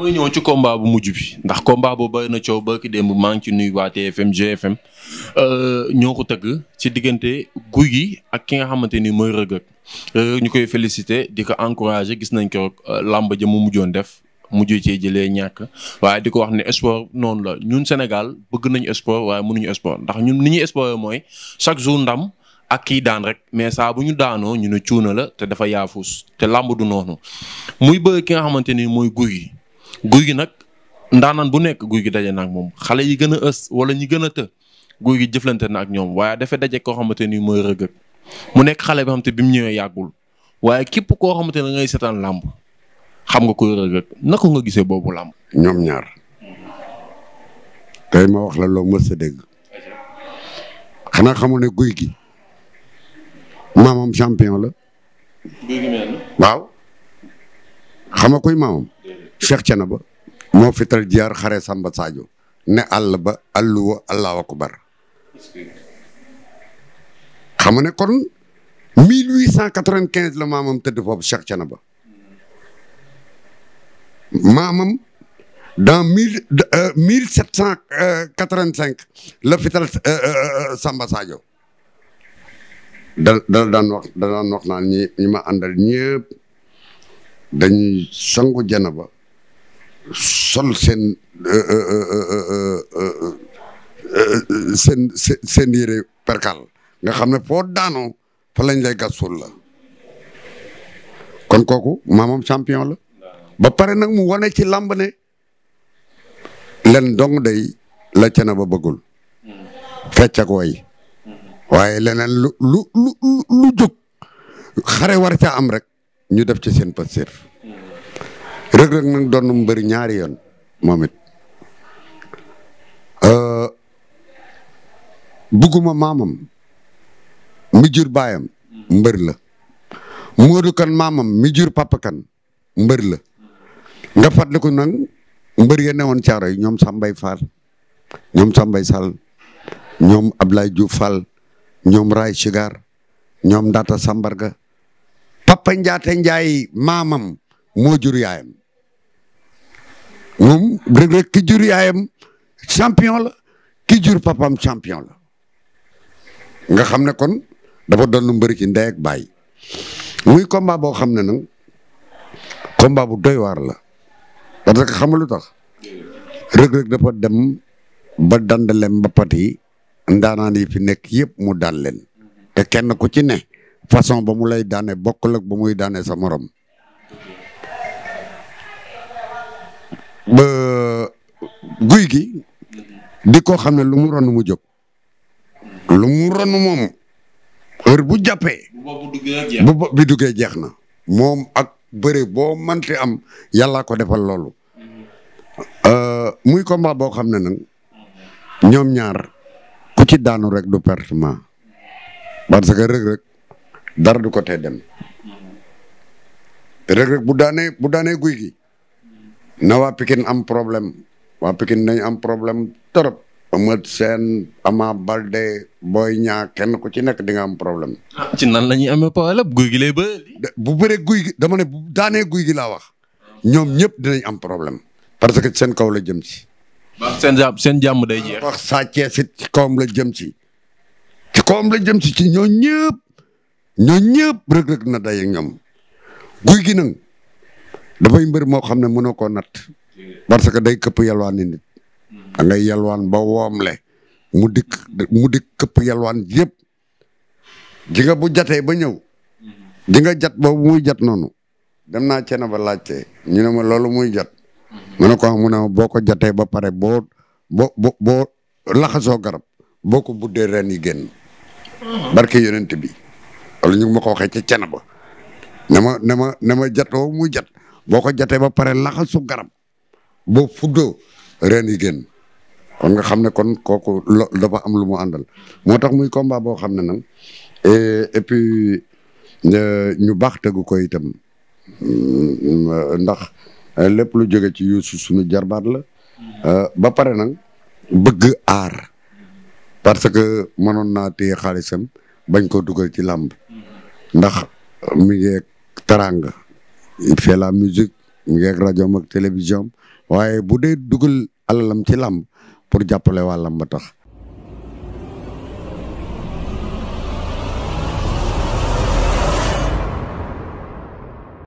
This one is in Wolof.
damay ñëw ci combat bu mujj bi ndax combat boo bëri na coow ba ki démb maa ngi ci nuyu waa fm GFM euh, ñoo ko tëgg ci diggante guy gi ak ki nga xamante ni mooy rëgg rëgg euh, ñu koy félicité di ko encouragé gis nañ ko euh, làmb ja mu mujjoon def mujj cee jëlee ñàkk waaye di ko wax ne sport noonu la ñun Sénégal bëgg nañu sport waaye mënuñu sport ndax ñun ni ñuy sport mooy chaque jour ndam. ak kii daan rek mais saa bu ñu daanoo ñu ne cuuna la te dafa yaafus te làmb du noonu muy bëgg ki nga xamante ni mooy guy guy gi nag ndaanaan bu nekk guy gi daje na moom xale yi gën a ës wala ñi gën a të guy gi jëflante na ak ñoom waaye defe daje koo xamante ni mooy rëgg mu nekk xale bi xam te bi mu ñëwee yàggul waaye képp koo xamante ne ngay seetaan làmb xam nga koy naka nga gisee boobu làmb. ñoom ñaar tey ma wax la loo mës sa dëgg xanaa xamul ne guy gi maamam champion la. waaw xam nga koy maamam. Cheikh Thiénaba moo fital jiyaar xare Samba Sadio ne àll ba alluwa allahu akbar xam nga ne kon 1895 la maamam tëdd foofu Cheikh Thiénaba maamam dans mille euh, mille sept cent quatre cinq la fital euh, euh, Samba Sadio da da daan wax naan ñi ñi ma àndal ñëpp dañuy sangu Thiénaba sol euh, euh, euh, seen seen seen yére perkal nga xam ne foo daanoo fa lañ lay gas suul la kon kooku maamam champion la ba pare nag mu wane ci làmb ne len dong day la na ba bëggul fecc way waaye leneen lu lu lu lu jóg xare war ca am rek ñu def ci seen pasir Reug Reug nag doon na mu bëri ñaari yoon moomit it euh, bugguma maamam mi jur baayam mbër la Modou Kan maamam mi jur papa mbër la nga fàttaliku nag mbër ya newoon caaro yi ñoom Sambay Fall ñoom Sambay Sall ñoom Ablaye Diouf Fall ñoom Ray Chigar ñoom Ndata Sambarga papa Njaate Njaay maamam moo jur yaayam moom Reug Reug ki jur yaayam champion la ki jur papam champion la nga xam ne kon dafa doon lu mbëri ci ndey ak baay muy combat boo xam ne nag combat bu doy waar la parce que xam lu tax Reug Reug dafa dem ba dandalem ba pat yi ndaanaan yi fi nekk yëpp mu daan leen te kenn ku ci ne façon ba mu lay daane bokkul ak ba muy daane sa morom ba guy gi di ko xam ne lu mu ron mu jóg lu mu ron moom heure bu jàppee. bu bopp bi duggee jeex na. moom ak bëre boo mënti am yàllaa ko defal loolu. Mm-hmm. Euh, muy combat boo xam ne nag ñoom ñaar ku ci daanu rek du pertement parce que Reug Reug dara du ko tee dem mm-hmm. Reug Reug bu daanee bu guy gi na waa Pikine am problème waa pikin nañ am problème trop. Eumeu Sène Ama Baldé Boy Niang kenn ku ci nekk di nga am problème. Ah, ci nan la ñuy amee problème guy gi lay ba. bu bëree guy gi dama bu daanee guy gi laa wax ñoom ñëpp dinañ am problème parce que seen kaw la jëm si. seen jàmm seen jàmm day jeex. si ci kawam la jëm si ci kawam la jëm si ci ñoo ñëpp ñoo ñëpp rëg-rëg na day ñoom guy gi dafay mbër moo xam ne a koo natt parce que day këpp yalwaan ni nit da ngay yalwaan ba woomle mu dikk mu dikk këpp yalwaan yëpp ji bu jatee ba ñëw ji nga jat boobu muy jat noonu dem naa cene ba laajte ñu ne ma loolu muy jat ma ne ko ah, mu ne boo ko jatee ba pare boo bo bo boo laxasoo garab boo ko buddee ren yi génn barke yonent bi wala ñu ngi ma ko waxee ci cene ba na ma na ma na ma jatoo muy jat boo ko jotee ba pare laxasu garab boo fuddoo reen yi génn kon nga xam ne kon kooku lo dafa am lu mu àndal moo tax muy combat boo xam ne nag eh, et puis eh, ñu baax tegu ko itam mm, ndax eh, lépp lu jóge ci Youssou suñu jarbaat la ba pare nag bëgg aar parce que mënoon naa téye xaalisam bañ koo dugal ci làmb ndax mi ngi teraanga il fait mu ngi ak rajo ak télévision waaye bu dee dugal alalam ci lam pour jàppale waa làmb tax